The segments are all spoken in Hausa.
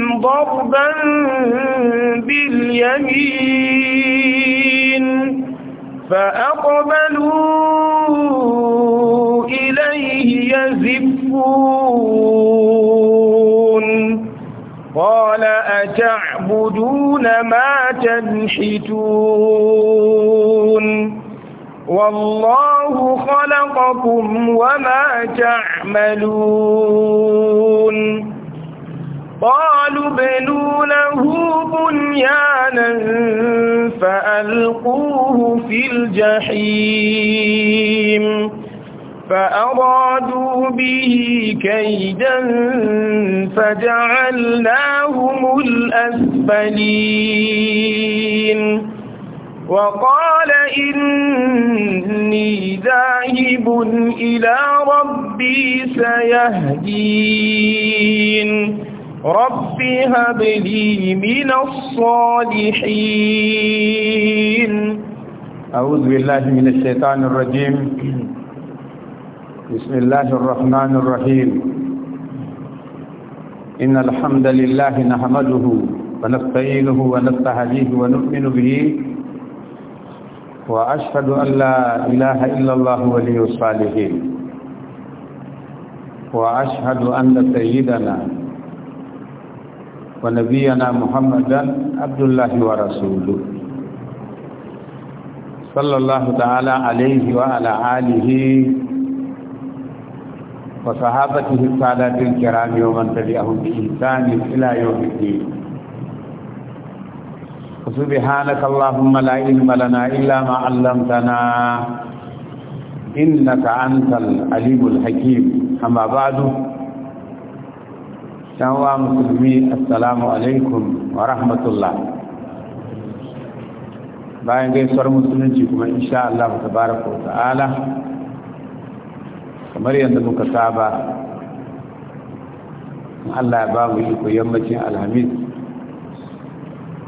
ضربا باليمين فأقبلوا إليه يزفون قال أتعبدون ما تنحتون والله خلقكم وما تعملون قالوا ابنوا له بنيانا فألقوه في الجحيم فأرادوا به كيدا فجعلناهم الأسفلين وقال إني ذاهب إلى ربي سيهدين رب هب لي من الصالحين أعوذ بالله من الشيطان الرجيم بسم الله الرحمن الرحيم إن الحمد لله نحمده ونستعينه ونستهديه ونؤمن به وأشهد أن لا إله إلا الله ولي الصالحين وأشهد أن سيدنا wa nabiyyana muhammadan abdullahi wa rasuluhu sallallahu ta'ala alaihi wa ala alihi wa sahabatihi sadatil kiram yawman tabi'ahum bi ihsan ila yawm al-din subhanaka allahumma la ilma lana illa ma 'allamtana innaka antal alimul hakim amma ba'du yan musulmi assalamu alaikum wa rahmatullah bayan gaisuwar musulunci kuma insha Allah tabaraka wa ta'ala kamar yadda muka saba Allah ya ba mu iko yammacin alhamis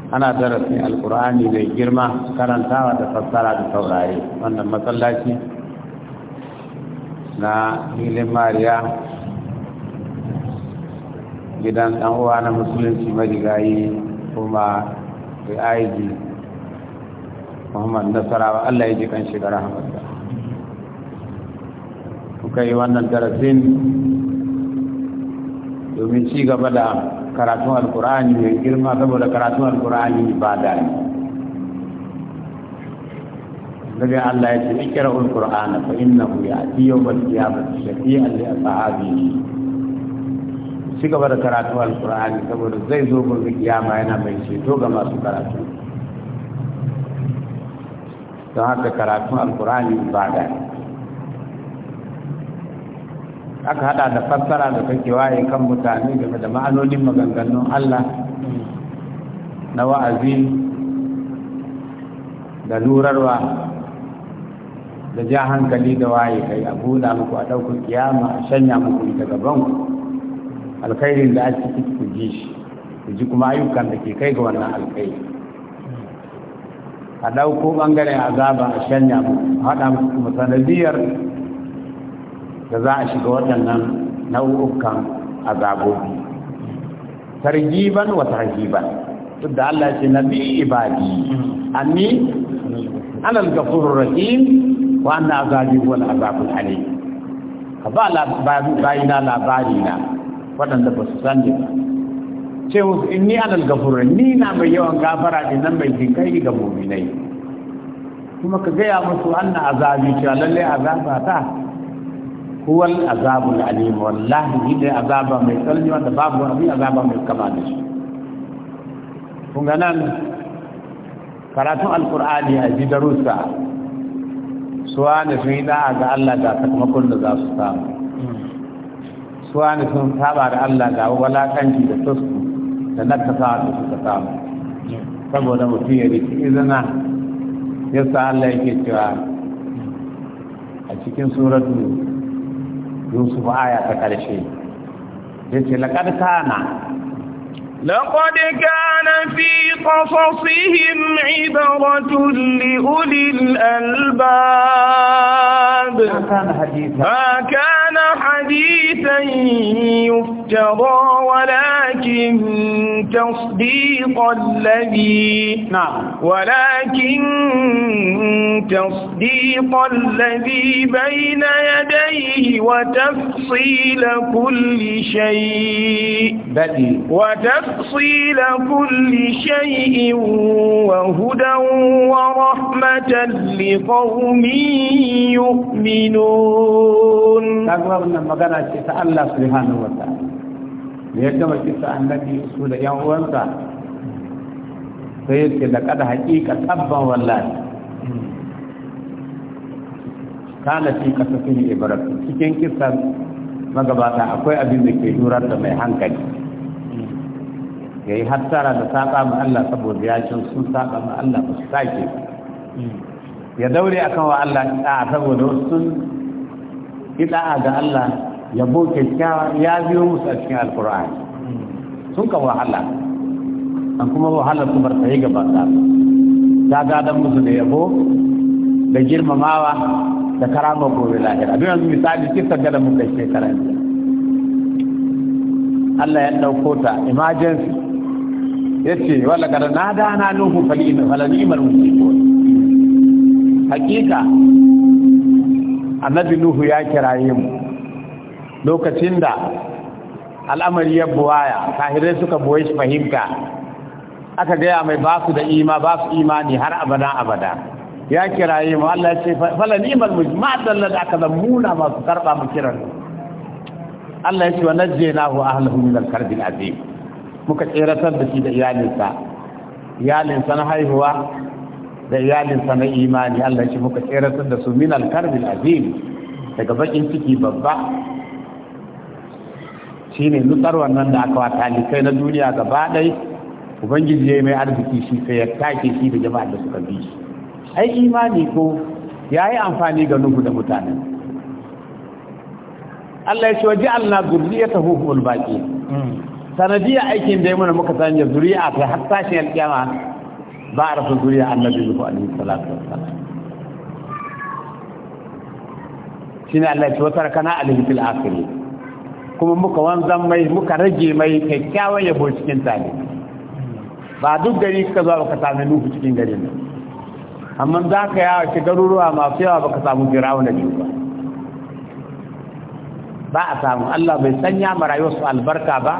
ana darasin alkur'ani mai girma karantawa da fassara da saurare wannan masallaci na hilin mariya gidan ɗan uwa na musulunci marigayi kuma da aiki muhammad nasarawa allah ya ji kan shigar hamadu kuka yi wannan darasin domin ci gaba da karatun alkur'ani mai girma saboda karatun alkur'ani ba da ne daga allah ya ce ikira alkur'ana fa innahu ya ci yau ba ya ba shafi'an li ashabihi ci gaba da karatu alkur'ani saboda zai zo gurbi kiyama yana mai ceto ga masu karatu don haka karatun alkur'ani da aka hada da fassara da kake waye kan mutane game da ma'anonin maganganun Allah na wa'azi da lurarwa da ja hankali da waye kai a buɗa muku a ɗaukar kiyama a shanya muku daga banku alkhairin da ake ciki ku ji shi ku ji kuma ayyukan da ke kai ga wannan alkhairi a ɗauko ɓangaren azaba a shanya mu haɗa mu sanadiyar da za a shiga waɗannan nau'ukan azabobi targiban wa targiban duk da Allah ce nabi ibadi anni ana al-ghafurur rahim wa anna azabi wal azabul alim ka ba bayina labari na waɗanda ba su sani ba ce musu in ni alal gafura ni na mai yawan gafara ne nan mai jinkai ga muminai kuma ka gaya musu anna azabi cewa lallai azaba ta huwal azabul alim wallahi yi ne azaba mai tsalmi wanda babu abin azaba mai kama da shi kun ga nan karatun alkur'ani a ji darussa suwa da sun yi da'a ga Allah da sakamakon da za su samu suwa ne sun saba da Allah ga walakanci da tusku da nakasa da suka samu saboda mutum ya riki izina yasa Allah yake cewa a cikin suratu Yusuf aya ta ƙarshe yace laqad kana لقد كان في قصصهم عبرة لأولي الألباب ما كان حديثا يفترى ولكن تصديق الذي نعم ولكن تصديق الذي بين يديه وتفصيل كل شيء بدي وتفصيل كل شيء وهدى ورحمة لقوم يؤمنون wannan magana ce ta Allah subhanahu wa ta'ala ya gama kisa annabi su da yan uwansa sai ya ce laqad haqiqa tabban wallahi kana fi kasafin ibrat cikin kisa magabata akwai abin da ke durar da mai hankali ya yi hattara da saƙa mu Allah saboda ya ce sun saƙa mu Allah ba su sake ya daure akan wa Allah a saboda sun yi a ga Allah ya boke ya biyo musu a cikin alkur'an sun ka wahala an kuma wahala su bar tsaye gaba ta ta gadon musu da yabo da girmamawa da karama gobe lahira don yanzu misali kisan gada muka shekaran Allah ya ɗauko ta emergency yace ce wala kada na da na nuhu falini musu hakika annabi nuhu ya kiraye mu lokacin da al'amari ya buwaya kahirai suka buwai shi fahimta aka gaya mai ba su da ima ba su imani har abada abada ya kiraye mu Allah ya ce fala ni'mal mujma'a da aka zamuna masu karba mu kiran Allah ya ce wa najjaynahu ahlahu min al-karbil azim muka tseratar da shi da iyalinsa iyalinsa na haihuwa da iyalinsa na imani Allah shi muka tseratar da su min alkarbil azim daga bakin ciki babba shine nutsar wannan da aka wata kai na duniya gaba ɗai ubangiji ya mai arziki shi sai ya take shi da jama'ar da suka bi shi ai imani ko ya yi amfani ga nuhu da mutanen Allah ya ce waje Allah zurriyata hukumul baqi hmm. sanadiya aikin da ya muka sanya zuri'a ta har tashin alkiyama ba a rasa zuriya annabi Yusuf alaihi salatu shi ne Allah ya ce wata kana alaihi fil akhir kuma muka wanzan mai muka rage mai kyakkyawan yabo cikin tare ba duk gari ka zo ka sami nufi cikin gari nan amma za ka yawa ki garuruwa masu yawa baka samu firawuna biyu ba ba a samu Allah bai sanya ma su albarka ba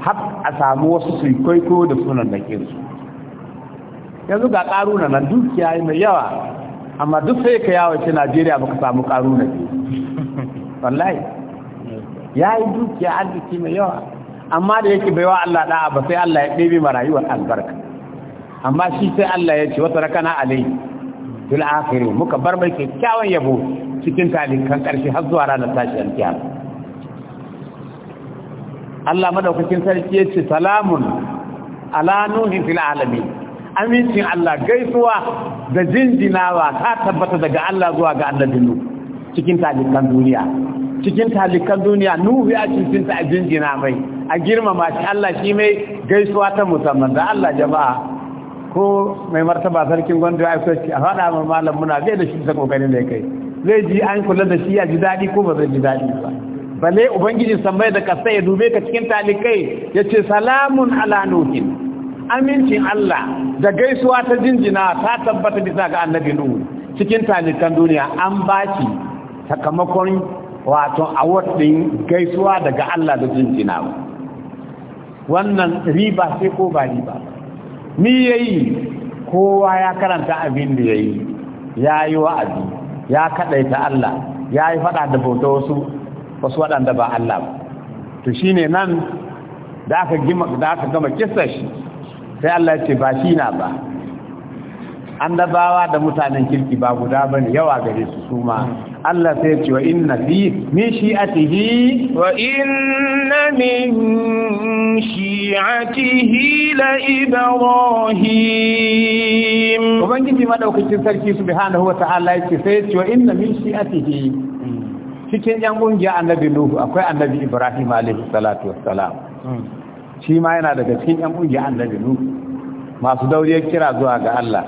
har a samu wasu su kwaiko da sunan da kinsu yanzu ga karuna nan dukiya yi mai yawa amma duk sai ka yawo ce najeriya baka samu ƙaruna ke wallahi ya yi dukiya arziki mai yawa amma da yake baiwa allah da'a ba sai allah ya ɗebe ma rayuwar albarka amma shi sai allah ya ce wata rakana alai fil akhirin muka bar mai kyakkyawan yabo cikin talikan karshe har zuwa ranar tashi alkiyama Allah madaukakin sarki ya ce salamun ala nuhin fil alamin amincin Allah gaisuwa da jinjinawa ta tabbata daga Allah zuwa ga annabin Nuhu cikin talikan duniya cikin talikan duniya Nuhu ya cincinta a jinjina mai a girmama shi Allah shi mai gaisuwa ta musamman da Allah jama'a ko mai martaba sarkin gwanda ya aiko shi a faɗa ma malam muna zai da shi ta kokarin da kai zai ji an kula da shi a ji daɗi ko ba zai ji daɗi ba balle ubangiji sammai da kasa ya dube ka cikin talikai yace salamun ala nuhin amincin Allah da gaisuwa ta jinjina ta tabbata bisa ga annabi Nuhu cikin talikan duniya an baki sakamakon wato a ɗin gaisuwa daga Allah da jinjina wannan riba sai ko ba riba ni yayi kowa ya karanta abin da yayi yayi wa'azi ya kadaita Allah yayi fada da bauta wasu wasu wadanda ba Allah ba to shine nan da aka gama da aka gama kissa shi sai Allah ya ce ba shi na ba an da mutanen kirki ba guda bane yawa gare su su ma Allah sai ce wa inna fi min shi'atihi wa inna min shi'atihi la ibrahim ubangiji madaukakin sarki subhanahu wa ta'ala yake sai ce wa inna min shi'atihi mm. cikin yan gungiya annabi nuhu akwai annabi ibrahim alaihi salatu wassalam mm. shi ma yana daga cikin yan ƙungiyar annabi nu masu dauriyar kira zuwa ga Allah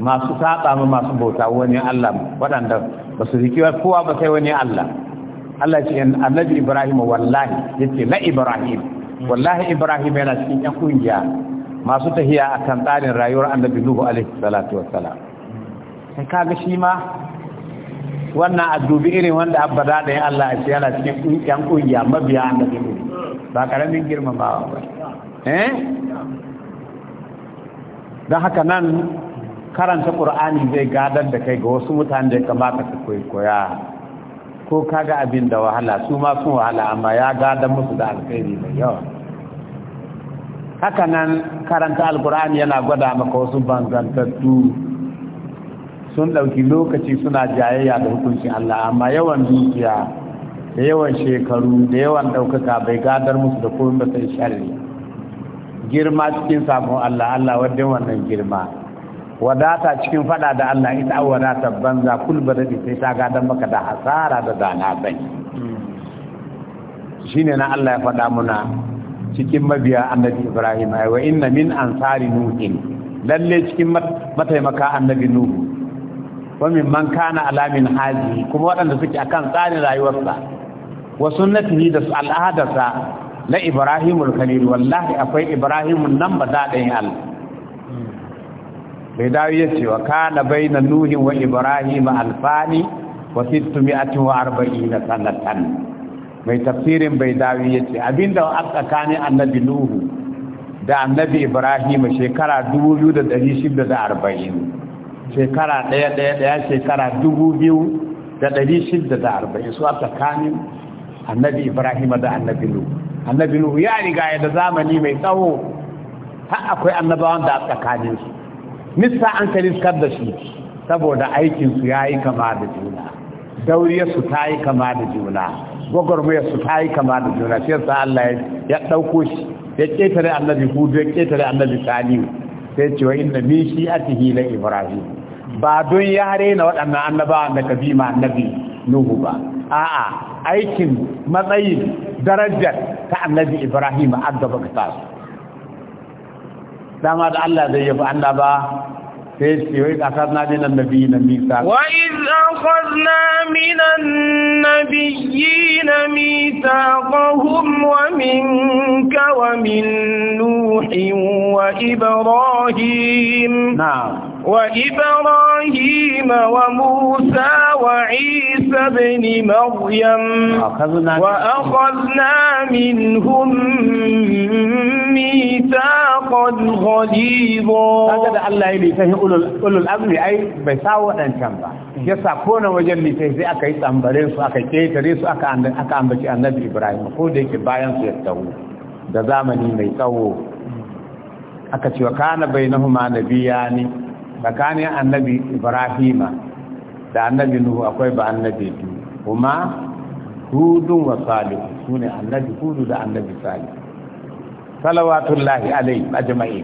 masu saba mu masu bauta wani Allah waɗanda ba su riki kowa ba sai wani Allah Allah ce annabi Ibrahim wallahi yace la Ibrahim wallahi Ibrahim yana cikin yan ƙungiya masu tahiya akan tsarin rayuwar annabi Nuhu alaihi salatu wassalam sai kaga shi ma wannan addubi irin wanda abba da Allah a ce yana cikin yan kungiya mabiya annabi Nuhu ba karamin girmamawa ba eh don haka nan karanta ƙur'ani zai gadar da kai ga wasu mutane da kamata ka koya ko kaga abin da wahala su ma sun wahala amma ya gadar musu da alkhairi mai yawa haka nan karanta alkur'ani yana gwada maka wasu banzantattu sun ɗauki lokaci suna jayayya da hukuncin Allah amma yawan dukiya da yawan shekaru da yawan ɗaukaka bai gadar musu da komai ba sai sharri girma cikin sabon Allah Allah wadda wannan girma wadata cikin fada da Allah ita an wadata banza kul ba dadi sai ta gadar maka da hasara da dana bai shine na Allah ya faɗa muna cikin mabiya annabi Ibrahim ay wa inna min ansari nuhin lalle cikin mataimaka annabi nuhu wa min man kana alamin haji kuma waɗanda suke akan tsarin rayuwarsa wa sunnatihi da al'adarsa na ibrahimul khalil wallahi akwai ibrahimun nan ba daɗin al. bai dawo ya ce wa kana baina nuhin wa ibrahim alfani wa sittumi'atin wa arba'ina sanatan mai tafsirin bai dawo ya ce abinda a tsakanin annabi nuhu da annabi ibrahim shekara 2640 shekara ɗaya ɗaya ɗaya shekara 2640 su a tsakanin annabi ibrahim da annabi nuhu annabi nuhu ya riga ya da zamani mai tsawo har akwai annabawan da a tsakanin su nisa an da shi saboda aikin su yayi kama da juna dauriya su ta yi kama da juna gwagwarmayar su ta kama da juna sai sa Allah ya dauko shi ya ketare annabi hudu ya ketare annabi salihu sai ce wa inna min shi'atihi la ibrahim ba don ya rena waɗannan annabawan da kabima annabi nuhu ba a'a aikin matsayi darajar ta annabi Ibrahim addaba ka tsara dama da Allah zai yafi annaba sai shi wai ka tsara nabi nan nabi nan misa wa iz akhadna minan nabiyyin mithaqahum wa minka wa min nuhin wa ibrahim na'am وإبراهيم وموسى وعيسى بن مريم وأخذنا منهم ميثاقا غليظا هذا الله يلي فيه أولو الأمر أي بيساوة أنشان yasa ko na wajen litai sai aka tsambare su aka ketare su aka ambaci annabi ibrahim ko da yake bayan su ya tsawo da zamani mai tsawo aka ce wa kana bainahuma nabiyani tsakanin annabi ibrahima da annabi nuhu akwai ba annabi biyu kuma hudun wa salih su annabi hudu da annabi salihu salawatullahi alai ajma'i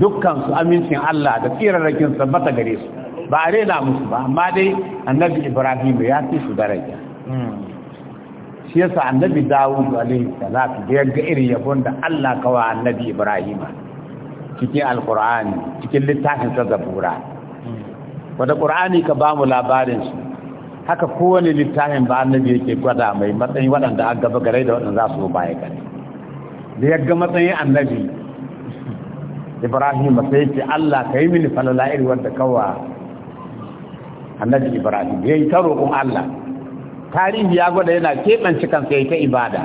dukkan su amincin Allah da tsirarrakin sabbata gare su ba a rena musu ba amma dai annabi ibrahim ya fi su daraja shi yasa annabi dawud alaihi salatu da ya ga irin yabon da Allah kawa annabi ibrahim cikin alkur'ani cikin littafin ta zabura wanda qur'ani ka ba mu labarin su haka kowane littafin ba annabi yake gwada mai matsayin waɗanda an gaba gare da waɗanda za su baya gare da ya ga matsayin annabi ibrahim sai ce allah ka yi mini falala iri wanda kawa annabi ibrahim ya yi ta roƙon allah tarihi ya gwada yana keɓance kansa ya ta ibada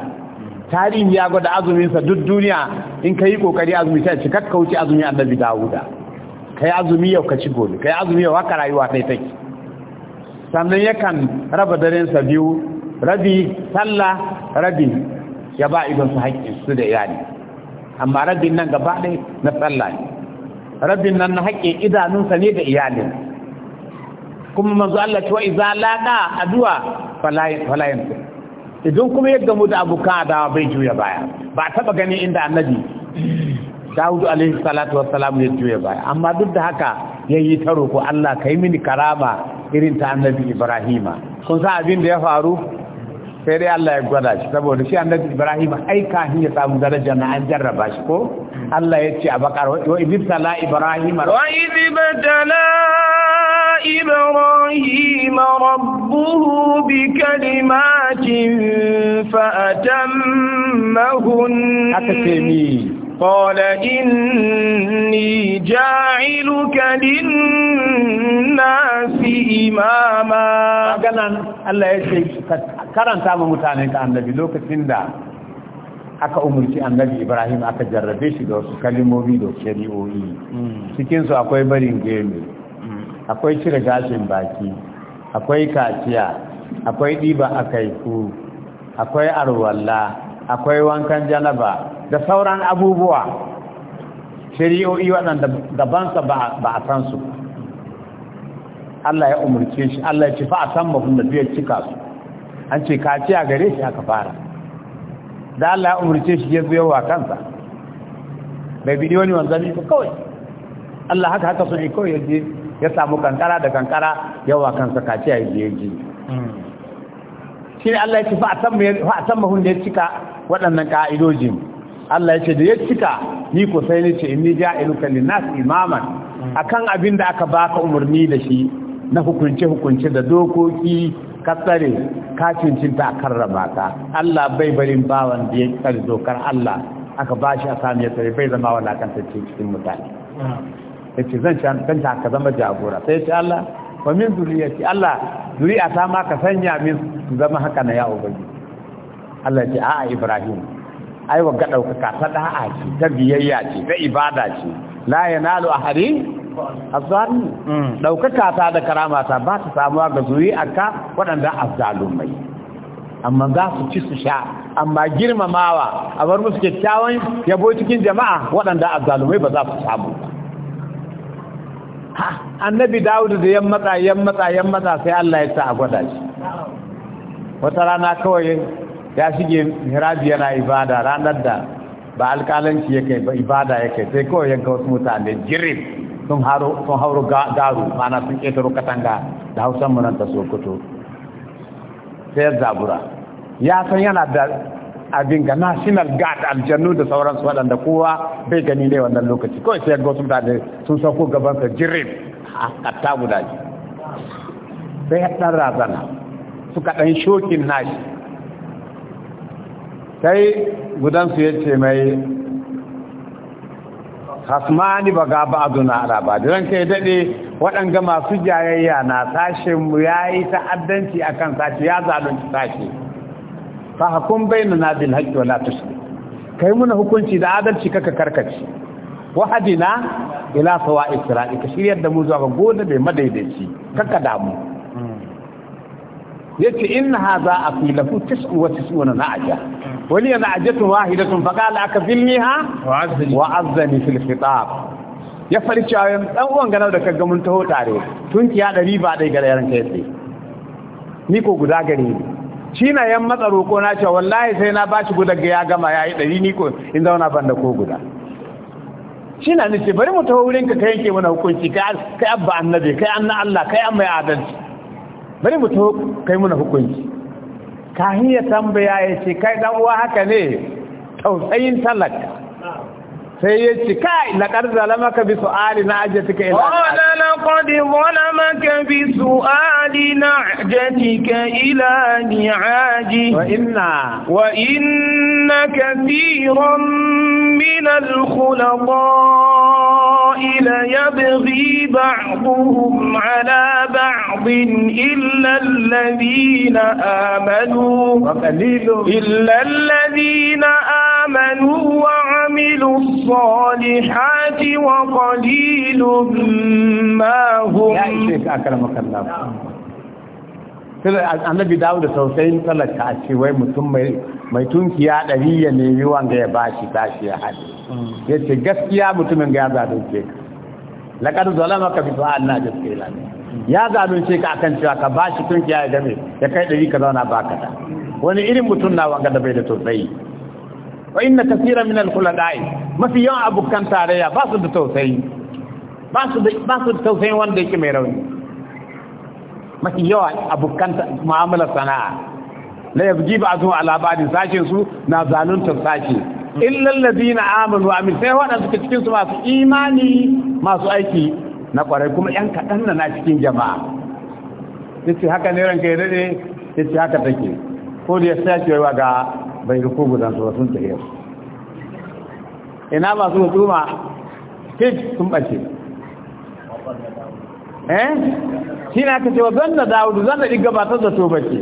tarihi ya gwada azuminsa duk duniya in ka yi kokari azumi ta cikar kakka wuce azumi annabi dawuda ka yi azumi yau ka ci gobe ka yi azumi yau haka rayuwa ta take sannan yakan raba darensa biyu rabi sallah rabi ya ba su haƙƙin su da iyali amma rabin nan gaba ɗaya na sallah ne rabin nan na haƙƙin idanunsa ne da iyali. kuma manzo Allah ce wa iza laqa addu'a idan kuma yadda gamu da abu ka adawa bai juya baya ba taba gani inda annabi Dawud alaihi salatu wassalam ya juya baya amma duk da haka yayi ta roko Allah kai mini karama irin ta annabi Ibrahima kun sa abin da ya faru sai dai Allah ya gwada shi saboda shi annabi Ibrahim ai kafin ya samu daraja na an jarraba shi ko Allah ya ce a bakar wa ibtala Ibrahim wa ibtala Ibrahim rabbuhu bi kalimatin fa atammahun aka ce ni qala inni ja'iluka lin imama ganan Allah ya ce karanta mu mutane ka annabi lokacin da aka umurci annabi Ibrahim aka jarrabe shi da wasu kalimomi da shari'o'i mm. cikin su akwai barin gemi mm. akwai cire gashin baki akwai kaciya akwai diba akai ku akwai arwalla akwai wankan janaba da sauran abubuwa shari'o'i waɗanda sa ba a san su Allah ya umurce shi Allah ya ce fa a san mafi da biyar cika su an ce ka ce a gare shi aka fara da Allah ya umurce shi ya zuwa kansa bai bi wani wanzami ba kawai Allah haka haka sun yi kawai yaje ya samu kankara da kankara yawa kansa ka ce a yi yaji shi Allah ya ce fa a san da ya cika waɗannan ka'idojin Allah ya ce da ya cika ni ko sai ne ce inni ja'iluka kalli nas imaman hmm. akan abin da aka baka umarni da shi na hukunce-hukunce da dokoki ka tsare ka cincinta a kan rabata. Allah bai barin bawan da ya tsare dokar Allah aka ba shi a sami ya tsare bai zama walakantacce cikin mutane ya ce zan canta ka zama jagora sai ce Allah wa min ce. Allah zuriya ta ma ka sanya min zama haka na yawo bai Allah ce a'a Ibrahim ai wa ga ɗaukaka ta da'a ce ta biyayya ce ta ibada ce la yanalu hari. azzalumi daukaka mm. ta da karama ta ba ta samuwa ga zuri aka waɗanda azzalumai amma za su ci su sha amma girmamawa a bar musu kyakkyawan yabo cikin jama'a waɗanda azzalumai ba za su samu annabi dawudu da yan matsa yan matsa yan matsa sai Allah ya sa a gwada shi wata rana kawai ya shige hirabi yana ibada ranar da ba alƙalanci ya ba ibada ya kai sai kawai yanka wasu mutane jirin sun hauro garu mana sun ƙetaro katanga da hausan nan ta sokoto sai zabura ya san yana da abin ga national guard aljannu da sauransu waɗanda kowa bai gani ne wannan lokaci kawai sai ga wasu da sun sauko sa jirin a katta guda ji sai ɗan razana suka dan shokin nashi sai gudansu ya ce mai hasmani ba ga ba'aduna ala ba don kai daɗe waɗanga masu jayayya na sashen mu yayi ta'addanci akan sashe ya zalunci sashi fa hukum na bil haqqi wa la kai muna hukunci da adalci kaka karkace wahadina ila sawa'i sirati ka shiryar da mu zuwa ga gode mai madaidaici kaka damu yace inna hadha afilahu tis'u wa tis'una na'ja wani na'jatu wahidatun fa qala akfilniha wa azzani fil khitab ya fari cewa dan uwan ganar da kaga mun taho tare tun kiya dari ba dai ga yaran kai sai ni ko guda gare ni shi na yan matsa roko na ce wallahi sai na bashi guda ga ya gama yayi dari ni ko in zauna ban da ko guda shi na nace bari mu taho wurin ka kai yanke mana hukunci kai kai abba annabi kai anna Allah kai an mai adalci bari mu to kai muna hukunci ka tambaya ya ce kai dan uwa haka ne tausayin talaka sai ya ce kai laƙar zalamaka bi su'ali na ajatika ila qala laqad zalamaka bi su'ali na ajatika ila ni'aji wa inna wa inna kathiran min al-khulata'i la yabghi ba'dhum 'ala ba'din illa alladhina amanu wa qalilun illa alladhina amanu wa وعملوا الصالحات وقليل ما هم يا شيخ أكرمك الله annabi dawo da sausayin talaka a ce wai mutum mai tunkiya ɗari ya nemi wanda ya bashi bashi ya haɗe ya ce gaskiya mutumin ga ya ce ka laƙar zalama ka fi fa'an na gaske lami ya ce ka akan cewa ka bashi tunkiya ya game ya kai ɗari ka zauna ba ka ta wani irin mutum na wanga da bai da tausayi wa inna kaseera min al-khulada'i mafi yawan abokan tarayya ba basu da tausayi ba su da ba su da tausayin wanda yake mai rauni mafi yawan abokan mu'amala sana'a la yabji ba'dhu ala ba'din sashin su na zaluntar sashi illa alladhina amanu wa amil sai wanda suke cikin su masu imani masu aiki na kwarai kuma yan kadan na cikin jama'a yace haka ne ranka ya dade yace haka take ko da ya sace wa ga bai ga ko guda su ba sun tafiya ina masu hukuma fit sun ɓace eh shi na ka cewa zan na dawudu zan da ɗi gabatar da tobace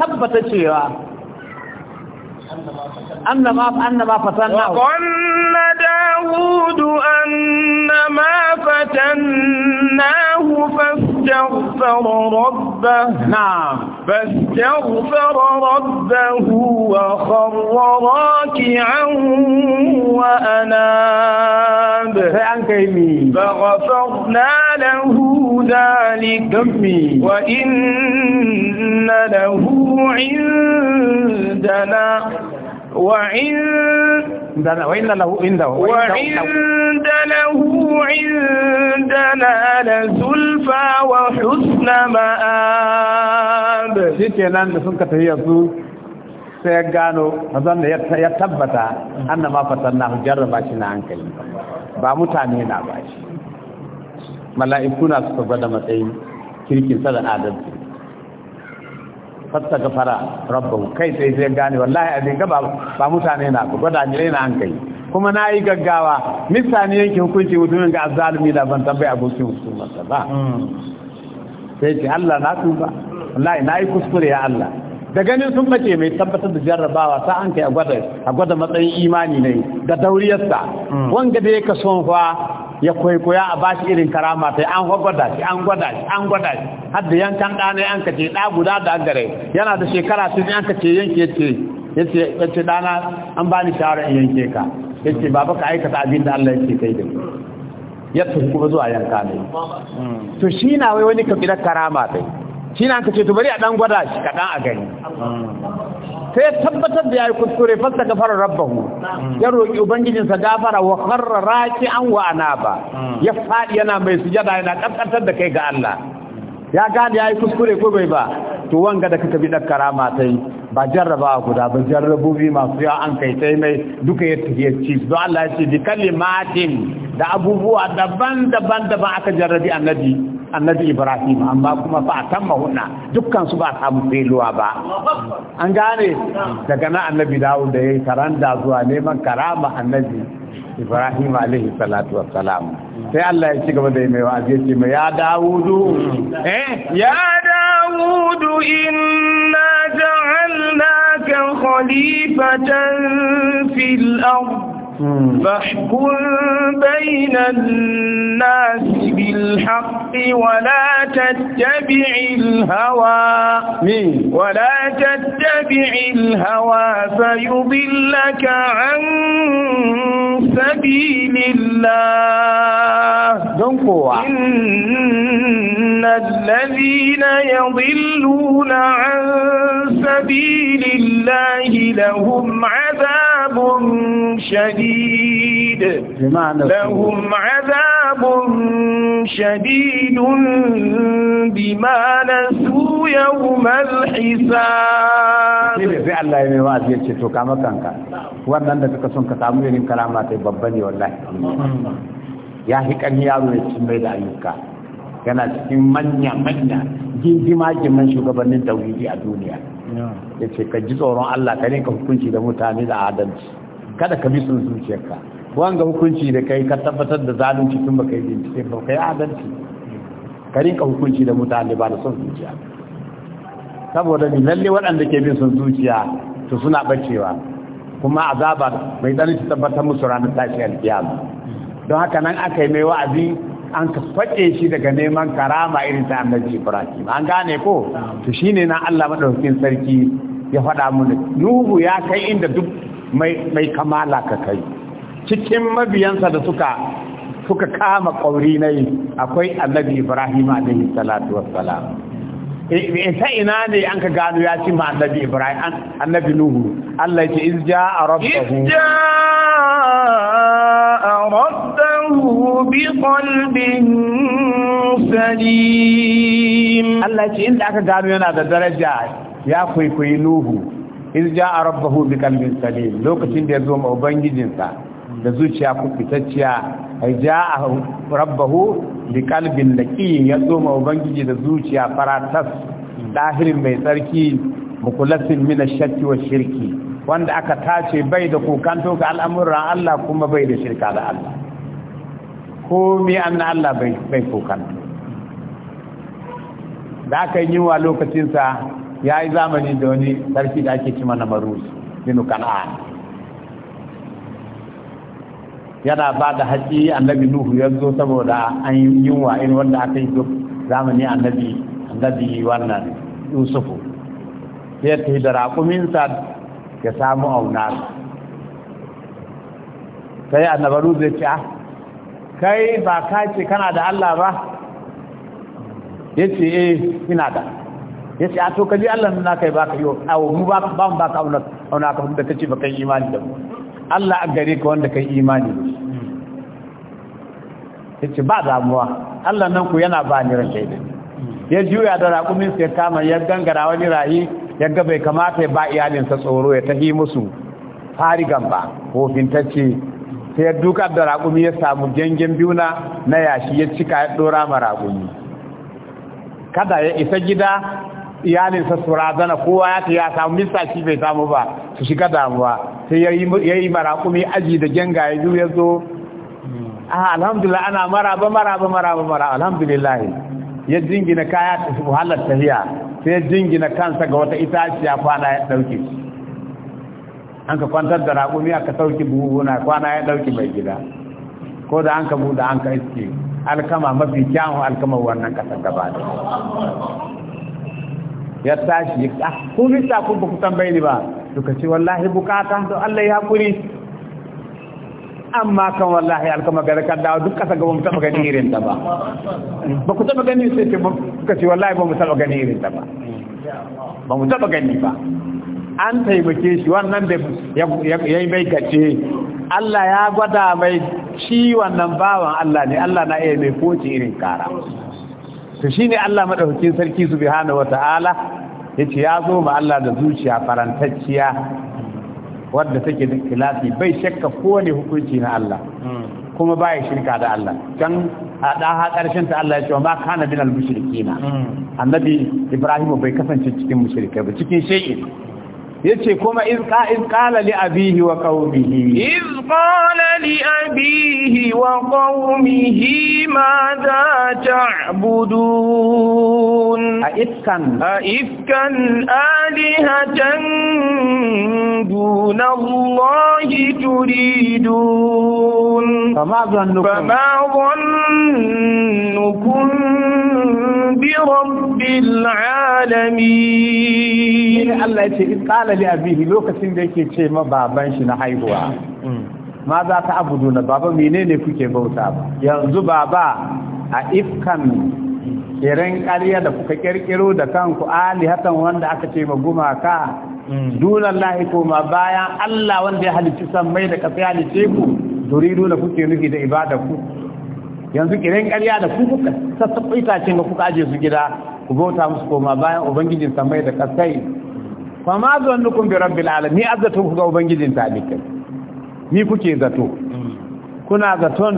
tabbata cewa annama annama fatanna wa qanna dawudu annama fatannahu fa فاستغفر ربه نعم فاستغفر ربه وخر راكعا وأناب فغفرنا له ذلك وإن له عندنا وعندنا وإن له عنده وعند له عندنا لزلفى وحسن مآب شكرا لسنك تهيئة sai ya gano mazan da ya tabbata an na mafatan na jarraba shi na hankali ba mutane na ba shi mala'iku na suka gwada matsayin kirkin sa da adalci fasta gafara rabbahu kai sai sai gane wallahi abin gaba ba mutane na ku gwada ne na an kai kuma na yi gaggawa misali yanke hukunci mutumin ga azalumi da ban tambayi abokin hukumarsa ba sai ce Allah na tuba wallahi na yi kuskure ya Allah da ganin sun bace mai tabbatar da jarrabawa ta an kai a gwada matsayin imani ne da dauriyarsa hmm. wanga da ya kaso fa ya kwaikwaya a bashi irin karama ta an gwada shi an gwada shi an gwada shi har da yankan ɗanai an kace ɗa guda da gare yana da shekara sun an kace yanke ce yace ɗana an bani shawara in yanke ka ce ba baka aikata abin da Allah yake kai da ya tafi kuma zuwa yanka ne to shi na wai wani kabilar karama shi na ka ce to bari a dan gwada shi kaɗan a gani sai ya tabbatar da ya yi kuskure fasta gafarar rabbahu ya roƙi ubangijinsa gafara wa karra raki an wa ba ya faɗi yana mai sujada yana ƙasƙantar da kai ga Allah ya gane ya yi kuskure ko bai ba to wanga da kaka bi dan karama tai ba jarraba guda ba bi masu ya an kai tai mai duka ya tafi don Allah ya ce bi kalimatin da abubuwa daban-daban da ba aka jarrabi annabi annabi Ibrahim amma kuma fa atamma hunna dukkan su ba samu feluwa ba an gane daga na annabi Dawud da yi karanda zuwa neman karama annabi Ibrahim alaihi salatu salam. sai Allah ya ci gaba da mai wa'azi ya ce ya Dawudu eh ya إنا جعلناك خليفة في الأرض فاحكم بين الناس بالحق ولا تتبع الهوى ولا تتبع الهوى فيضلك عن سبيل الله إن الذين يضلون عن سبيل الله لهم عذاب شديد شديد لهم عذاب شديد بما نسوا يوم الحساب sai Allah ya mai wa'azi ya ce to kama kanka wannan da suka son ka samu irin kalama ta babba ne wallahi ya hi kan yaro ya cin mai da ayyuka yana cikin manya manya jinjima jiman shugabannin tauhidi a duniya ya ce ka ji tsoron Allah ka ne hukunci da mutane da adalci kada ka bi sun zuciyarka wanga hukunci da kai ka tabbatar da zalunci tun baka yi bincike ba kai adalci ka rinka hukunci da mutane ba da son zuciya saboda ni lalle waɗanda ke bin son zuciya to suna bacewa kuma azaba mai tsanani tabbatar musu ranar tashi alkiyama don haka nan aka yi mai wa'azi an ka fake shi daga neman karama irin ta annabi Ibrahim an gane ko to shine na Allah madaukakin sarki ya faɗa mu nuhu ya kai inda duk mai kamala ka kai cikin mabiyansa da suka suka kama kauri na yi akwai annabi ibrahim alaihi salatu wassalam e, e, ta ina ne an ka gano ya ci ma annabi ibrahim annabi nuhu allah ya ce iz a rabbahu rabbahu bi qalbin salim allah ya ce inda aka gano yana da daraja ya kwaikwayi nuhu ja a rabbahu bi kalbin salim lokacin da ya zo ma ubangijinsa da zuciya ku kubutacciya ja a rabbahu bi kalbin laqi ya zo ma ubangiji da zuciya faratas dahirin mai tsarki mukulasin min ash-shakki wa shirki wanda aka tace bai da kokanto ga al'amuran Allah kuma bai da shirka da Allah ko mi an Allah bai bai kokanto da aka yi wa lokacinsa ya yi zamani da wani sarki da ake cima na marus binu kan'an yana ba da haƙi annabi nuhu ya zo saboda an yunwa in wanda aka yi duk zamani annabi annabi wannan yusufu ya ta yi da raƙuminsa ya samu auna sai annabaru zai ce ah, kai ba ka ce kana da allah ba ya ce eh ina da yace a to kaji Allah na kai baka yi awo mu ba ba mu baka auna auna ka da kace baka yi imani da mu Allah a gare ka wanda kai imani yace ba damuwa Allah nan ku yana ba ni rake da ya juya da raƙumin sai kama ya gangara wani rayi ya ga bai kamata ya ba iyalinsa tsoro ya tahi musu farigan ba fintacce sai ya duka da raƙumi ya samu gengen biyu na yashi ya cika ya ɗora ma raƙumi kada ya isa gida iyalinsa su razana kowa ya ta ya samu mista shi bai samu ba su shiga damuwa sai ya yi marakumi aji da genga ya zo ya hmm. ah, zo alhamdulillah ana maraba maraba maraba maraba alhamdulillah ya jingina kaya ta su halar tahiya sai ya jingina kansa ga wata itaciya kwana ya dauke an ka kwantar da raƙumi aka sauki buhuna kwana ya dauke mai gida ko da an ka buɗe an ka iske alkama mafi kyawun alkama wannan ƙasar gaba da ya tashi ya ah, ku bisa kun ba ku tambaye ni ba suka ce wallahi bukata to Allah ya hakuri amma kan wallahi alkama gare kan dawo duk kasa ga mu taba gani irin ta ba ba ku taba gani sai ce suka ce wallahi ba mu taba gani irin ta ba ba mu taba gani ba an taimake shi wannan da ya yi mai kace Allah ya gwada mai shi wannan bawan Allah ne Allah na iya mai koci irin kara to ne Allah madaukakin sarki subhanahu wataala yace ya zo ma Allah da zuciya farantacciya wadda take da kilafi bai shakka kowane hukunci na Allah hmm. kuma baya shirka da Allah can hada ha karshen ta Allah ya ce ma kana bin al na annabi Ibrahim bai kasance cikin mushrike ba cikin shekin. yace kuma iz ka iz qala li abihi wa qawmihi iz qala li abihi wa qawmihi ma za ta'budun a ifkan a ifkan alihatan duna allahi turidun fama zannukum fama zannukum birabbil alamin ne Allah ya ce in kala lokacin da yake ce ma baban shi na haihuwa ma za ta abudu na baba menene kuke bauta ba yanzu baba a ifkan kiran ƙarya da kuka kirkiro da kanku ali hatan wanda aka ce ma gumaka dunan lahi bayan Allah wanda ya halicci san mai da kafiya ne ce ku turidu da kuke nufi da ibada ku yanzu kiran ƙarya da ku kuka sassaɓa itacen ga kuka aje su gida ku bauta musu koma bayan ubangijin samai da kasai fa ma zannukum bi rabbil alamin ni azatu ku ga ubangijin talikai ni kuke zato kuna zaton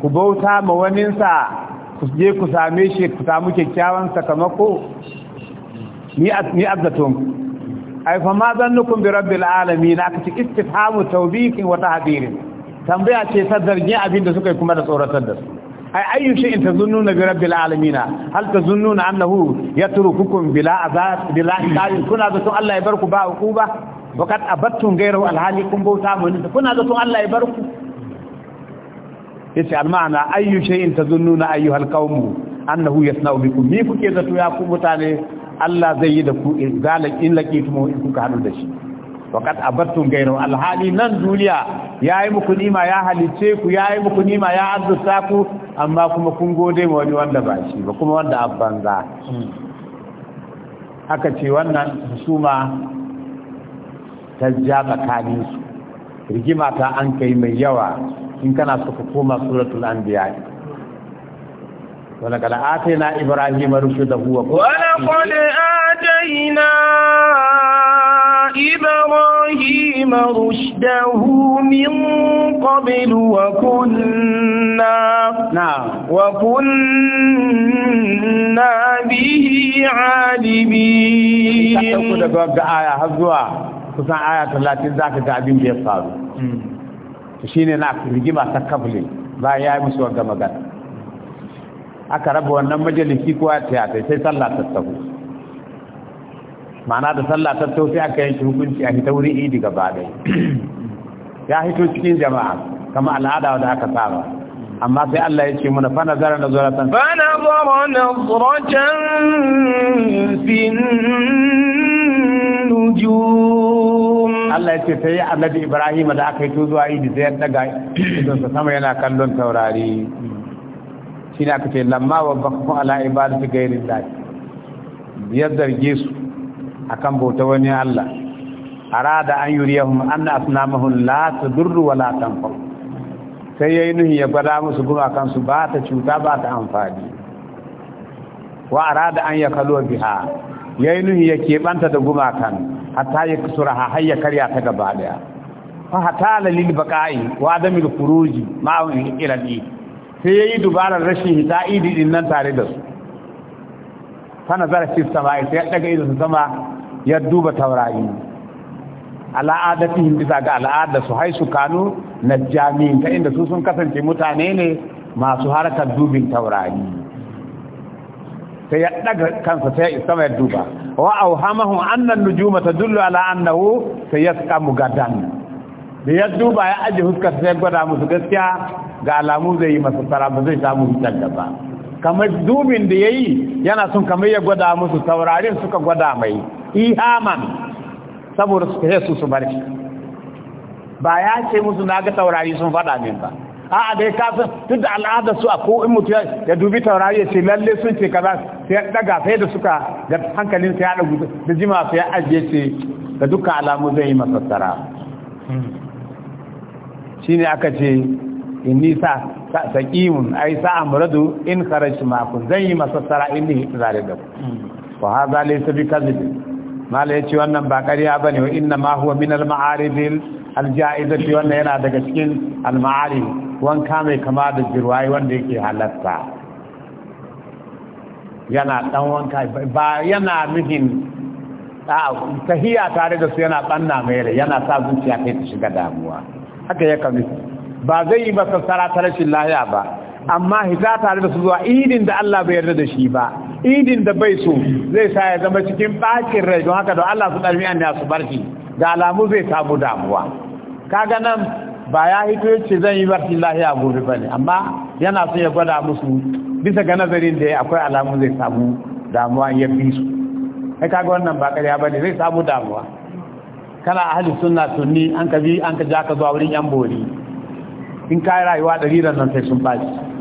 ku bauta ma waninsa ku je ku same shi ku samu kyakkyawan sakamako ni ni azatu ai fa ma zannukum bi rabbil alamin aka ci istifhamu tawbiqin wa tahdhirin tambaya ce ta zargin abin da suka yi kuma da tsoratar da su ay ayyu shay'in tazunnuna bi rabbil alamin hal tazunnuna annahu yatrukukum bila azab bila iqab kuna da to Allah ya barku ba hukuba waqad abattum ghayra kun bauta mun kuna da to Allah ya barku yace almana ayyu shay'in tazunnuna ayyuhal qawm annahu yasna'u bikum ni kuke zato ya kubuta ne? Allah zai yi da ku in zalakin lakitumu in kuka hadu da shi waqad Abartu ghayru alhali nan duniya yayi muku nima ya halice ku yayi muku nima ya azzuta ku amma kuma kun gode ma wani wanda ba shi ba kuma wanda abbanza aka ce wannan husuma ta ja tsakanin rigima ta an kai mai yawa in kana suka ka koma suratul anbiya ولقد آتينا إبراهيم رشده وقد آتينا إبراهيم رشده من قبل وكنا نعم وكنا به عالمين kusan aya talatin za ka abin da ya faru shi ne na rigima ta yi musu wanga magana aka raba wannan majalisi kowa ta yatai sai sallah ma'ana da sallah ta tausi aka yanki hukunci a hita wuri idi gaba ya hito cikin jama'a kama al'ada da aka saba amma sai Allah ya ce na zara mana san fana zara na zara can fin nujum Allah ya ce sai annabi Ibrahim da aka yi to zuwa idi sai ya daga idonsa sama yana kallon taurari shine aka ce lamma wa bakku ala ibadati ghairi Allah ya zarge su akan bauta wani Allah arada an yuriyahum anna asnamahum la tudurru wa la tanfa sai yayi nuhi ya gwada musu guma su ba ta cuta ba ta amfani wa arada an yakalu biha yayi nuhi ya keɓanta da gumakan hatta ya kusura ha hayya karya ta gaba daya fa hatala lil baqa'i wa adamil khuruji ma'un ila di sai yayi dubaran rashin hita din nan tare da su fa nazara fi samai sai daga idan sama ya duba taurari al'adatihim bisa ga al'ada su haisu kanu na jami'in ta inda su sun kasance mutane ne masu harkar dubin taurari sai ya daga kansa sai sama ya duba wa auhamahum annan nujuma tadullu ala annahu sayasqamu gadan da ya duba ya aje huskar sai gwada musu gaskiya ga alamu zai yi masa tsara ba zai samu hitar da ba kamar dubin da yayi yana son kamar ya gwada musu taurarin suka gwada mai ihaman saboda su kai su su barki ba ya ce musu na ga taurari sun faɗa min ba a'a dai ka san duk da al'adar su a ko in mutu ya dubi taurari ya ce lalle sun ce kaza sai ya daga sai da suka da hankalin sai ya dagu da jima sai ya ajiye ce da dukkan alamu zai yi shi shine aka ce in nisa sa a ai sa amradu in kharajtu ma'akum zan yi in inni hitare da ku fa hmm. hadha laysa bi kadhib mala yace wannan ba ƙarya bane wa inna ma huwa min al-ma'arib al-ja'izati wannan yana daga cikin al-ma'arib wanka mai kama da jirwai wanda yake halatta yana dan wanka ba yana ta tahiya tare da su yana banna mai rai yana sa zuciya kai ta shiga damuwa haka ya ba zai yi ba sassara ta rashin lahiya ba amma hita tare da su zuwa idin da Allah bai yarda da shi ba idin da bai so zai sa ya zama cikin bakin rai don haka da Allah su dalmi an su barki ga alamu zai samu damuwa kaga nan ba ya hito yace zan yi barki barci lahiya gobe bane amma yana son ya gwada musu bisa ga nazarin da akwai alamu zai samu damuwa ya bi su kai kaga wannan ba kariya bane zai samu damuwa kana ahli sunna sunni an ka bi an ka ja ka zuwa wurin yan bori in kai rayuwa ɗari da nan sai sun baci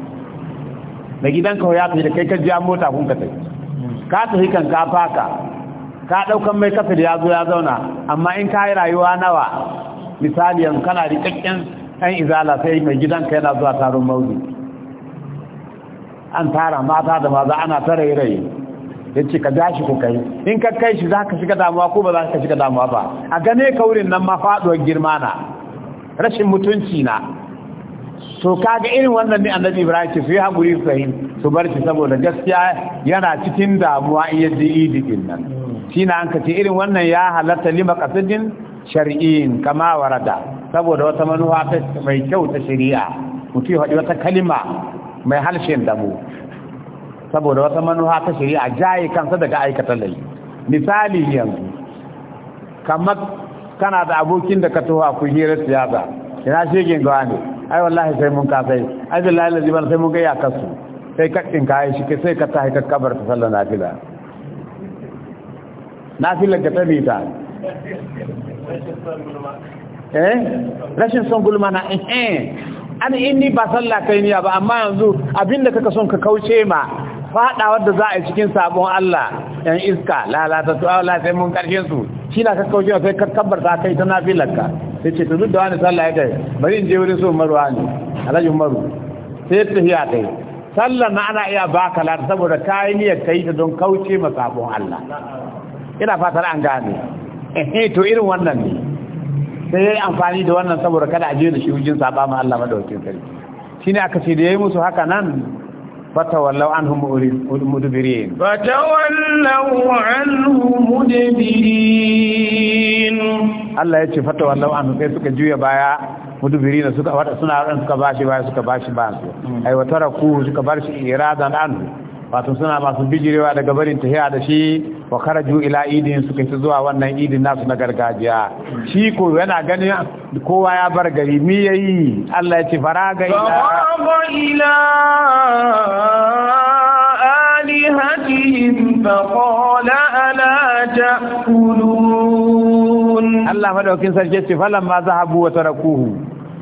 da gidanka ya tafi da kai ka ja mota kun ka tafi ka tafi kan ka faka ka daukan mai kafir ya zo ya zauna amma in ka yi rayuwa nawa misali yanzu kana rikakken ɗan izala sai mai gidanka yana zuwa taron mauzi an tara mata da maza ana ta rairaye ya ce ka dashi ku kai in ka kai shi za ka shiga damuwa ko ba za ka shiga damuwa ba a gane kaurin nan ma faɗuwar girma na rashin mutunci na so kaga irin wannan ne annabi ibrahim ke fiye haƙuri fahim su bar shi saboda gaskiya yana cikin damuwa in yadda idi nan shi na an kace irin wannan ya halatta lima kasidin shari'in kama warada saboda wata manuwa ta mai kyau ta shari'a mutum ya faɗi wata kalima mai harshen damu saboda wata manuwa ta shari'a jaye kansa daga aikata lai misali yanzu kamar kana da abokin da ka tuwa ku hira siyasa ina shegen gawa ne ai wallahi sai mun sai ai billahi lazi bal sai mun ga kasu, sai kakkin kayan shi sai ka ta ka kabar ta sallan nafila nafila ka tabi ta eh rashin son gulma na eh, eh. an inni ba sallah kai ni ba amma yanzu abinda kaka son ka kauce ma fadawar da za a yi cikin sabon Allah yan iska lalata su Allah sai mun karshen su shi na kakkauce kai kakkabar ta kai ta na nafilarka sai ce tuzu da wani sallah ya kai bari in je wurin su umaru wani alhaji maru sai ta ta yi sallar na ana iya baka lada saboda yi niyyar kai ta don kauce ma sabon Allah ina fatar an gane eh to irin wannan ne sai ya yi amfani da wannan saboda kada a je da shi wujin saba ma Allah madaukin sarki shine aka ce da yayi musu haka nan فتولوا عنه مدبرين فتولوا عنه مدبرين الله يجي فتولوا عنه كي سكا جوية بايا مدبرين سكا سنة سكا باشي بايا سكا باشي بايا أي وتركوه سكا باشي إرادا عنه wato suna masu bijirewa daga barin tahiya da shi wa karaju ila idin suka ci zuwa wannan idin nasu na gargajiya shi ko yana ganin kowa ya bar gari mi yayi Allah ya ce faraga ila alihatihim qala ala ta'kulun Allah madaukin sarki ce falamma zahabu wa tarakuhu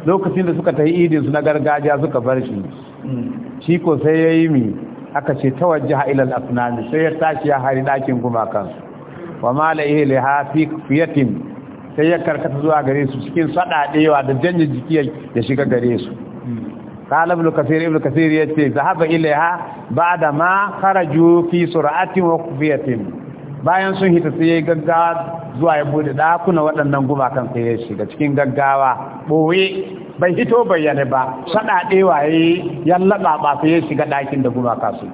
lokacin da suka tafi idin su na gargajiya suka bar shi hmm. shi ko sai yayi mi aka ce tawajjaha ila al-asnam sai ya tashi ya hari dakin gumakan wa mala li hafiq fiyatin sai ya karkata zuwa gare su cikin sadadewa da janye jiki ya shiga gare su قال ابن كثير ابن zahaba ilaiha ba'da ma kharaju fi في wa qubiyatin bayan sun hita sai ya gaggawa zuwa ya bude dakuna waɗannan gumakan sai ya shiga cikin gaggawa boye bai hito bayyane ba saɗaɗe waye laba ba sai ya shiga dakin da gumaka su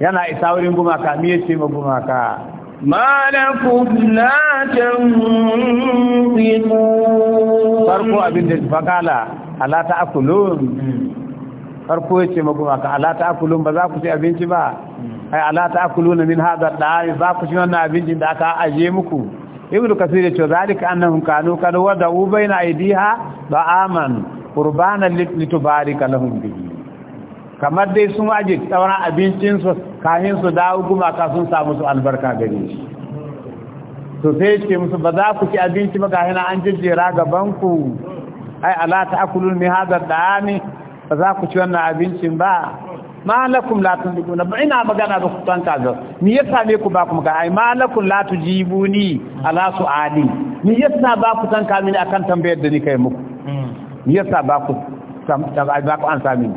yana isa wurin gumaka me yace ma gumaka malakum la tanfiqu farko abin da fakala ala taakulun farko yace ma gumaka ala taakulun ba za ku ci abinci ba hmm. ai ala taakuluna min hadha da'i za ku ci wannan abincin da aka aje muku ibnu kasir yace zalika annahum kanu kad wada'u baina aydiha ba'aman qurbanan litubarika lahum bihi kamar dai sun aje tsauran abincin su kahin su dawo kuma ka sun samu su albarka gare shi to sai yace musu ba za ku ci abinci ba kahin an jejjera gaban ku ai ala ta'kulun min hadha da'ani ba za ku ci wannan abincin ba ma lakum la tunjibuna ba ina magana da kutan kaza ni ya same ku ba ku ga ai ma lakum la tujibuni ala su'ali ni yasa ba ku tanka mini akan tambayar da ni kai muku ni yasa ba ku ba ku an sami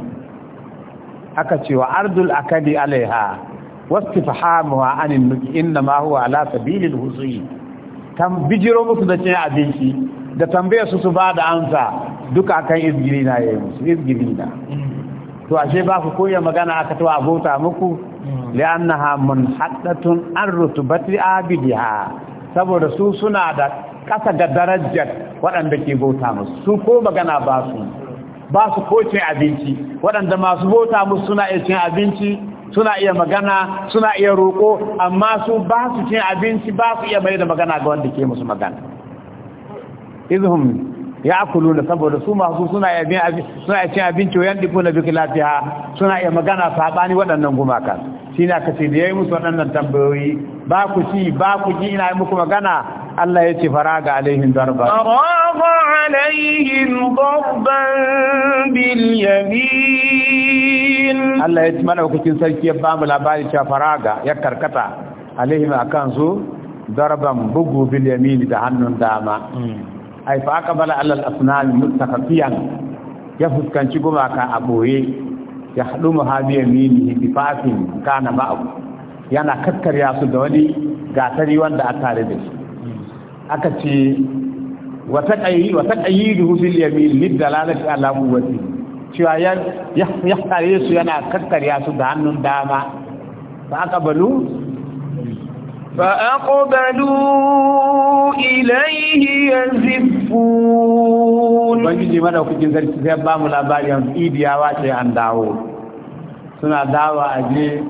aka cewa ardul akadi alaiha wastifhamuha an nuki inna ma huwa ala sabilil husuyi tam bijiro musu da cin abinci da tambayar su su ba da ansa duka na izgirina yayi musu na. to ashe ba ku koya magana aka to abota muku mm. li'annaha munhaddatun an rutubati abidiha saboda su suna da kasa ga darajar waɗanda ke bauta musu su ko magana ba su ba su ko abinci waɗanda masu bota musu suna iya cin abinci suna iya magana suna iya roko amma su ba su cin abinci ba su iya mai da magana ga wanda ke musu magana izhum ya akulu da saboda su masu suna iya cin abinci wayan diko na duk lafiya suna iya magana sabani waɗannan gumaka shine aka ce da yi musu waɗannan tambayoyi ba ku ci ba ku ji ina yi muku magana Allah ya ce faraga alaihim darba faraga bil yamin Allah ya ce mana sarki ya ba mu labari cewa faraga ya karkata alaihin akan su darban bugu bil da hannun dama hmm. ai fa aqbala ala al-asnan mustakhfiyan ya fuskanci gumaka a boye ya hadu habiya mini bi kana ba yana kakkarya su da wani gatari wanda a tare da shi aka ce wata qayi wata qayyidu bil yamin lid dalalati ala quwwati cewa ya ya su yana kakkarya su da hannun dama fa aqbalu فأقبلوا إليه يزفون ubangiji madaukakin sarki sai ba mu labari yanzu idiyawa ce an dawo suna dawa a je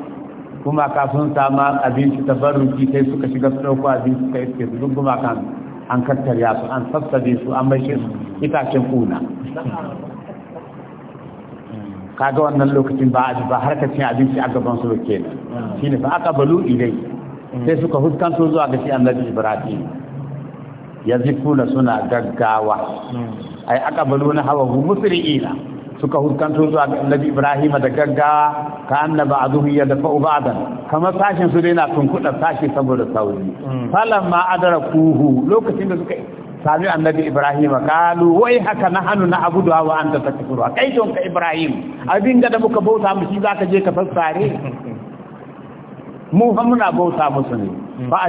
kuma ka sama abinci tabarruki sai suka shiga su ɗauko abinci suka iske su duk kuma an kattarya su an sassabe su an bashe su itacen kuna kaga wannan lokacin ba a ba harkacin abinci a gaban su kenan shine fa aka balu ilai sai suka huskanto zuwa ga shi annabi ibrahim ya zikuna suna gaggawa ai aka na hawa hu musri'ina suka huskanto zuwa ga annabi ibrahim da gaggawa ka annaba azuhu ya dafa ubadan kamar sashin su daina tunkuɗa sashi saboda sauri mm. falamma kuhu lokacin da suka sami annabi ibrahim kalu wai haka na hannu na abudu hawa an da ta kai don ka ibrahim abin da muka bauta mu shi zaka je ka fassare mu fa muna bauta musu ne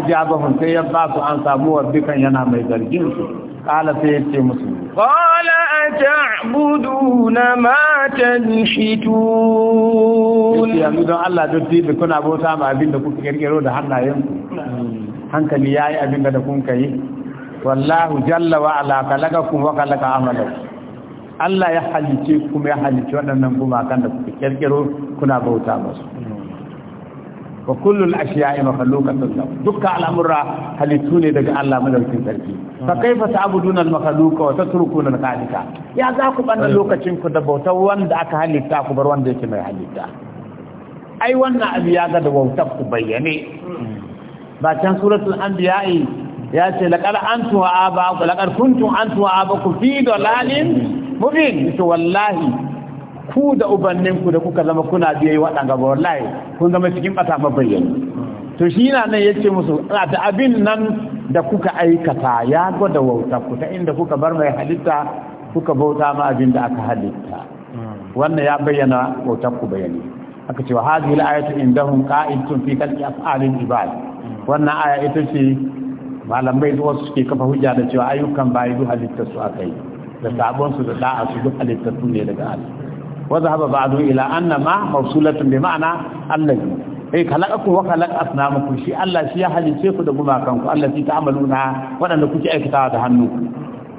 jaba hun, sai ya ba su an samu dukan yana mai zargin su kala sai ya ce musu qala ata'buduna ma Ya yanzu don Allah don tibi kuna bauta ma abin da kuka kirkiro da hannayen hankali yayi abin da kun kai wallahu jalla wa ala kalakakum wa kalaka amalakum Allah ya halice kuma ya halice waɗannan gumakan da kuka kirkiro kuna bauta musu wa kullul ashiya'i makhluqatun lahu dukkan al'amura halittu ne daga Allah madaukakin sarki fa kaifa ta'buduna al-makhluqa wa tatrukuna al-khaliqa ya za ku banda eh. lokacin ku da bautar wanda aka halitta ku bar wanda yake mai halitta ai wannan abu ya ga da bautar ku bayyane ba can suratul anbiya'i ya ce laqad antum wa aba'ukum laqad kuntum wa fi dalalin mubin to wallahi ku da ubanninku da kuka zama kuna biye waɗanga gaba wallahi kun zama cikin ɓata mabayyani to shi na nan ya ce musu da abin nan da kuka aikata ya gwada wauta ku ta inda kuka bar mai halitta kuka bauta ma abin da aka halitta wannan ya bayyana wautar ku bayani aka ce wa hadhihi al-ayatu indahum qa'idun fi khalqi af'alil ibad wannan aya ita ce malamai wasu suke kafa hujja da cewa ayyukan bayi duk halitta su akai da sabon su da da'a su duk halitta su ne daga Allah wa zahaba ba'du ila anna ma mawsulatun bi ma'ana allazi eh khalaqakum wa khalaq asnamakum shi Allah shi ya halice ku da gumakan ku allati ta'maluna wadanda kuke aikata da hannu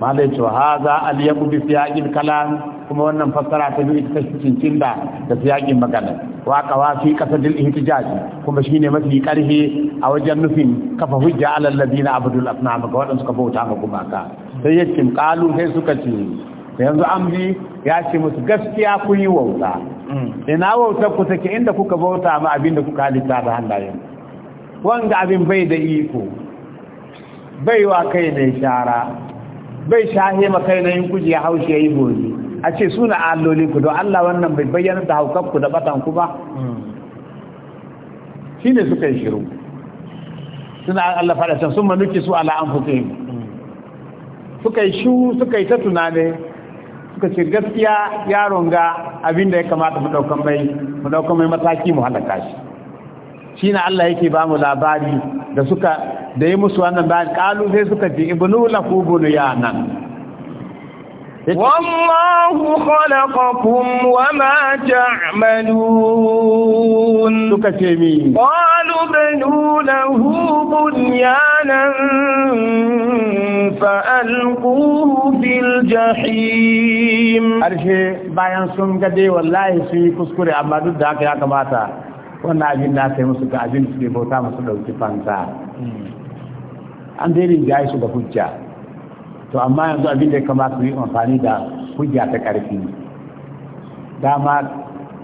malai to haza aliyaku bi siyaqil kalam kuma wannan fassara ta bi ita cikin da da siyaqin magana wa qawa fi qasadil ihtijaj kuma shine mafi karhe a wajen nufin kafa hujja ala na abdul asnam ga wadanda suka bauta ga gumaka sai yakin qalu sai suka ce yanzu an bi ya ce musu gaskiya ku yi wauta mm. ina wautar ku take inda kuka bauta ba abin da kuka halitta da hannayen wanda abin bai da iko bai wa kai ne shara bai shahe ma kai na yin kuji ya haushe ya yi gobe a ce suna alloli ku don Allah wannan bai bayyana da haukar ku da batan ku ba mm. shi ne suka yi shiru suna Allah faɗa can sun manuki su ala an mm. suka yi shu suka yi ta tunane suka ce gaskiya yaron ga abinda ya kamata mu daukan mai mu daukan mai mataki mu halaka shi shi na Allah yake ba mu labari da suka da yi musu wannan bayan kalu sai suka ce ibnu lahu wama ta'malun Suka ce mi qalu بنوا lahu bunya مكانا فألقوه في الجحيم أرشي بايان سنجدي والله سي كسكري أما دود داك يا كماتا وانا أجل ناسي مسكا أجل bauta بوتا مسكا وكفانتا an dai riga su da hujja to amma yanzu abin da ya kamata su yi amfani da hujja ta ƙarfi dama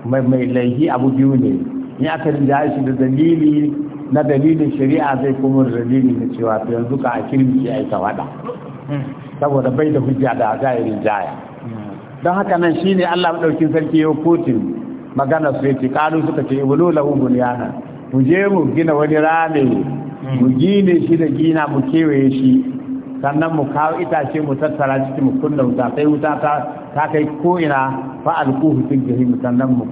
mai laifi abu biyu ne in aka riga shi da dalili na dalilin shari'a zai kuma dalili na cewa to yanzu ka a kirmiki a yi tawada hmm. saboda bai da hujja da zahirin jaya don haka nan shine Allah madaukin sarki ya kotun magana su yake kalu suka ce ibulu lahu bunyana mu je mu gina wani rami, hmm. mu gine shi da gina mu kewaye shi sannan mu kawo itace mu tattara cikin mu kunna wuta sai wuta ta ta kai ko ina fa alquhu fil jahim sannan mu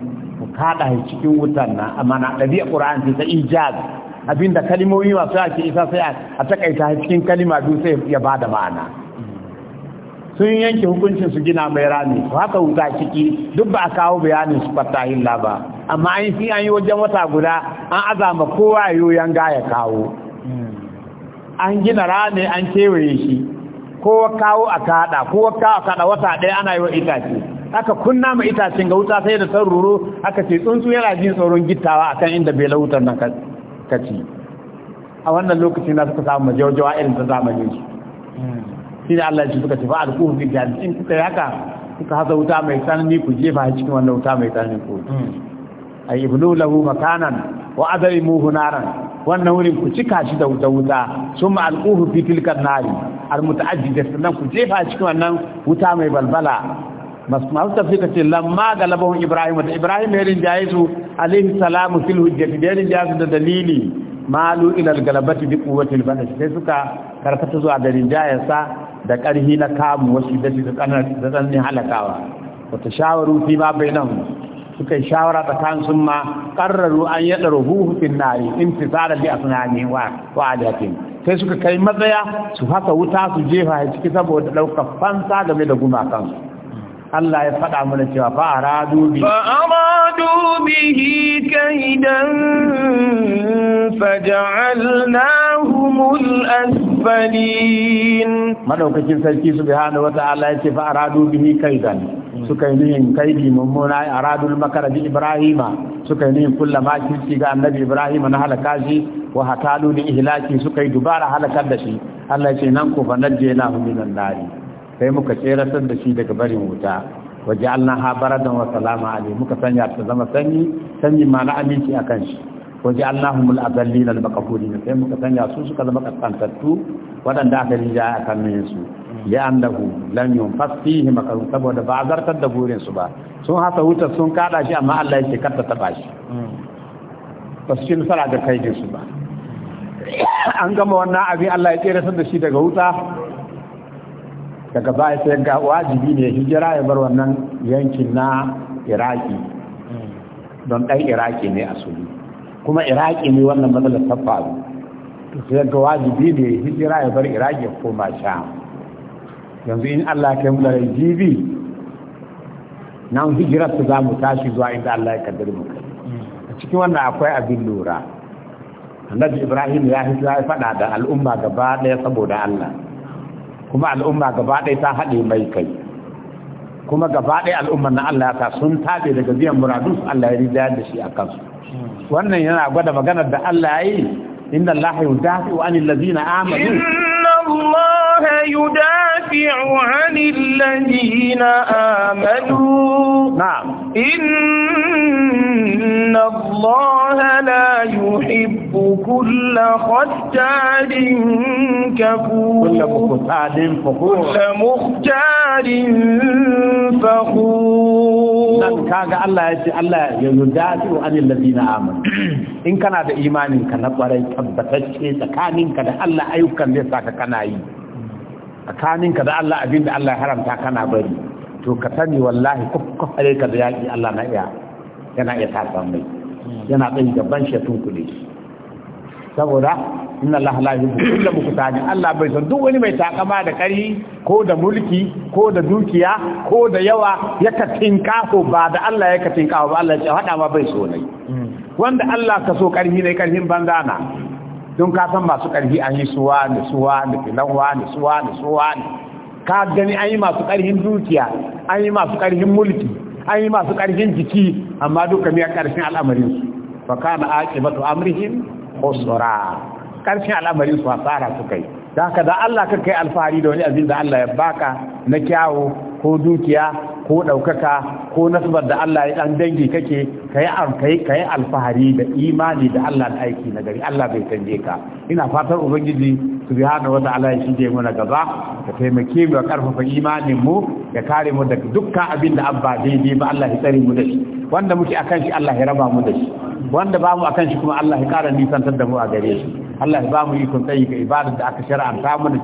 cikin wutan nan amma na dabi'a qur'an ta ijaz abinda kalimomi masu ake isa sai a takaita cikin kalima biyu sai ya ba da ma'ana sun yanke hukuncin su gina mai rami su haka wuta ciki duk ba a kawo bayanin su fatahin ba amma an fi an yi wajen wata guda an azama kowa yoyon ga ya kawo an gina rami an kewaye shi kowa kawo a kada kowa kawo a kada wata ɗaya ana yi wa itace aka kunna ma itacen ga wuta sai da taruro aka ce tsuntsu yana jin tsoron gittawa akan inda bai lahutar nan kansu suka a wannan lokaci na suka samu majaujawa irin ta zamanin su shi ne Allah ya ce suka ce fa alkuhu fi jahannam in kuka yaka kuka haza wuta mai tsanani ku jefa a cikin wannan wuta mai tsanani ku ay ibnu lahu makanan wa adrimuhu naran wannan wurin ku cika shi da wuta wuta sun ma'alƙuhu fi tilkar nari da sannan ku jefa a cikin wannan wuta mai balbala masu tafsir ka ce lamma galabahun ibrahim wata. ibrahim ya rinjaye su alaihi salamu fil hujjati da ya rinjaye su da dalili malu ilal galabati bi quwwatil sai suka karkata zuwa ga sa da karhi na kamu wasu da da tsanin halakawa wata shawaru fi ma bainahum suka yi shawara tsakanin sun ma karraru an yada ruhu fin in intisara bi asnani wa wa adatin sai suka kai matsaya su haka wuta su jefa ciki saboda ɗaukar fansa game da gumakansu Allah ya faɗa mana cewa fa aradu bi fa aradu bihi kaidan faj'alnahumul asfalin madaukakin sarki subhanahu wata'ala yace fa aradu bihi kaidan suka yi nihin kaidi mummuna a radul makara ibrahima suka yi nihin kulla makirci ga annabi ibrahima na halaka shi wa hatalu da ihlaki suka yi dubara halakar da shi Allah ya ce nan ku fa najjayna hum minan nari sai muka tseratar da shi daga barin wuta waje Allah ha baradan wa salama ali muka sanya ta zama sanyi sanyi ma na aminci akan shi waje Allahumul azallin al maqfulin sai muka sanya su suka zama kaskantattu waɗanda aka rija a kan su ya lam yunfas fihi makarun saboda ba zartar da burin su ba sun hasa wuta sun kada shi amma Allah yake karta taba shi ba su ci nasara da kai su ba an gama wannan abin Allah ya tsere da shi daga wuta daga baya sai ga wajibi ne hijira ya bar wannan yankin na iraki don ɗan iraki ne a suli kuma iraki ne wannan matsalar ta faru sai ga wajibi ne hijira ya bar iraki ya koma sha. yanzu in allah ya kai mu da jibi nan hijirar ta za mu tashi zuwa inda allah ya kaddar mu a cikin wannan akwai abin lura annabi ibrahim ya hijira ya faɗa da al'umma gaba ɗaya saboda allah kuma al'umma gaba ɗaya ta haɗe mai kai kuma gaba al'ummar na Allah ta sun tabe daga biyan muradun Allah ya rida da shi a kansu wannan yana gwada maganar da Allah ya yi inna Allah yudafi'u anil ladina amanu inna Allah na'am إن الله لا يحب كل ختار كفور كل مختار فخور الله الله عن الذين امنوا ان كان هذا ايمانك انا قري تبتتش تكانينك ده الله ايوكان ده ساكا كانايي تكانينك ده الله ابين الله حرمتك انا بري to ka sani wallahi kufare ka da yaƙi Allah na iya yana iya tasa mai yana tsayi gaban shi tunkule saboda inna Allah la yuhibbu kulla muqtadi Allah bai san duk wani mai takama da kari ko da mulki ko da dukiya ko da yawa ya ka tinka ba da Allah ya ka tinka ba Allah ya hada ma bai so ne wanda Allah ka so karhi ne karhin banzana don ka san masu karhi an yi suwa da suwa da filanwa da suwa da suwa ka gani an yi masu ƙarfin dukiya an yi masu ƙarfin mulki an yi masu ƙarfin jiki amma duka miya ƙarfin al'amarinsu fa kana aqibatu amrihim khusra ƙarfin al'amarinsu tsara su yi da haka da Allah ka kai alfahari da wani abin da Allah ya baka na kyawu ko dukiya ko ɗaukaka ko nasibar da Allah ya ɗan dangi kake ka yi alfahari da imani da Allah da aiki na gari Allah bai canje ka ina fatar ubangiji subhanahu ta'ala ya shige mana gaba ka taimake mu karfafa imanin mu ya kare mu daga dukkan abin da abba daidai ba Allah ya tsare mu da shi wanda muke akan shi Allah ya raba mu da shi wanda ba mu akan shi kuma Allah ya kara nisantar da mu a gare shi Allah ya ba mu ikon tsayi ga ibadar da aka shar'anta mana